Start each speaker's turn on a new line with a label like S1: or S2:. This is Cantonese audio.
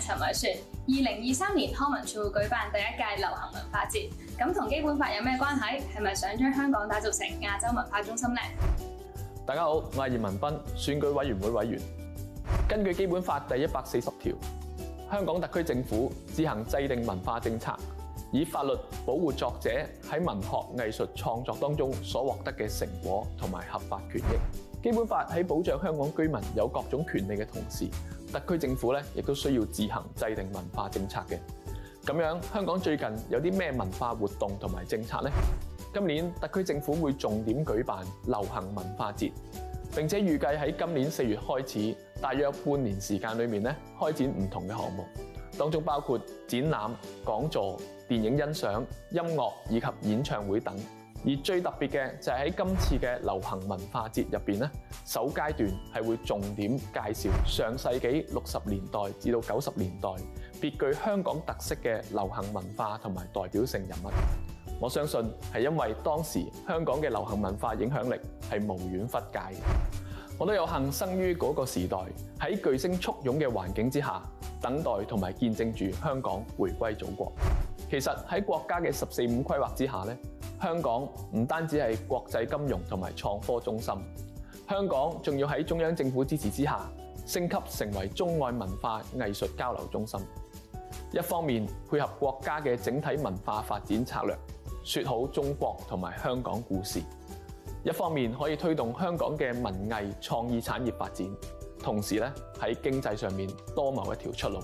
S1: 陳偉說：「二零二三年康文署會舉辦第一屆流行文化節，咁同基本法有咩關係？係咪想將香港打造成亞洲文化中心呢？」
S2: 大家好，我係葉文斌，選舉委員會委員。根據基本法第一百四十條，香港特區政府自行制定文化政策，以法律保護作者喺文學藝術創作當中所獲得嘅成果同埋合法權益。基本法喺保障香港居民有各種權利嘅同時，特區政府咧亦都需要自行制定文化政策嘅。咁樣，香港最近有啲咩文化活動同埋政策咧？今年特區政府會重點舉辦流行文化節，並且預計喺今年四月開始，大約半年時間裏面咧，開展唔同嘅項目，當中包括展覽、講座、電影欣賞、音樂以及演唱會等。而最特別嘅就係喺今次嘅流行文化節入邊，咧，首階段係會重點介紹上世紀六十年代至到九十年代別具香港特色嘅流行文化同埋代表性人物。我相信係因為當時香港嘅流行文化影響力係無遠弗屆。我都有幸生於嗰個時代，喺巨星簇擁嘅環境之下，等待同埋見證住香港回歸祖國。其實喺國家嘅十四五規劃之下咧。香港唔單止係國際金融同埋創科中心，香港仲要喺中央政府支持之下，升級成為中外文化藝術交流中心。一方面配合國家嘅整體文化發展策略，說好中國同埋香港故事；一方面可以推動香港嘅文藝創意產業發展，同時咧喺經濟上面多謀一條出路。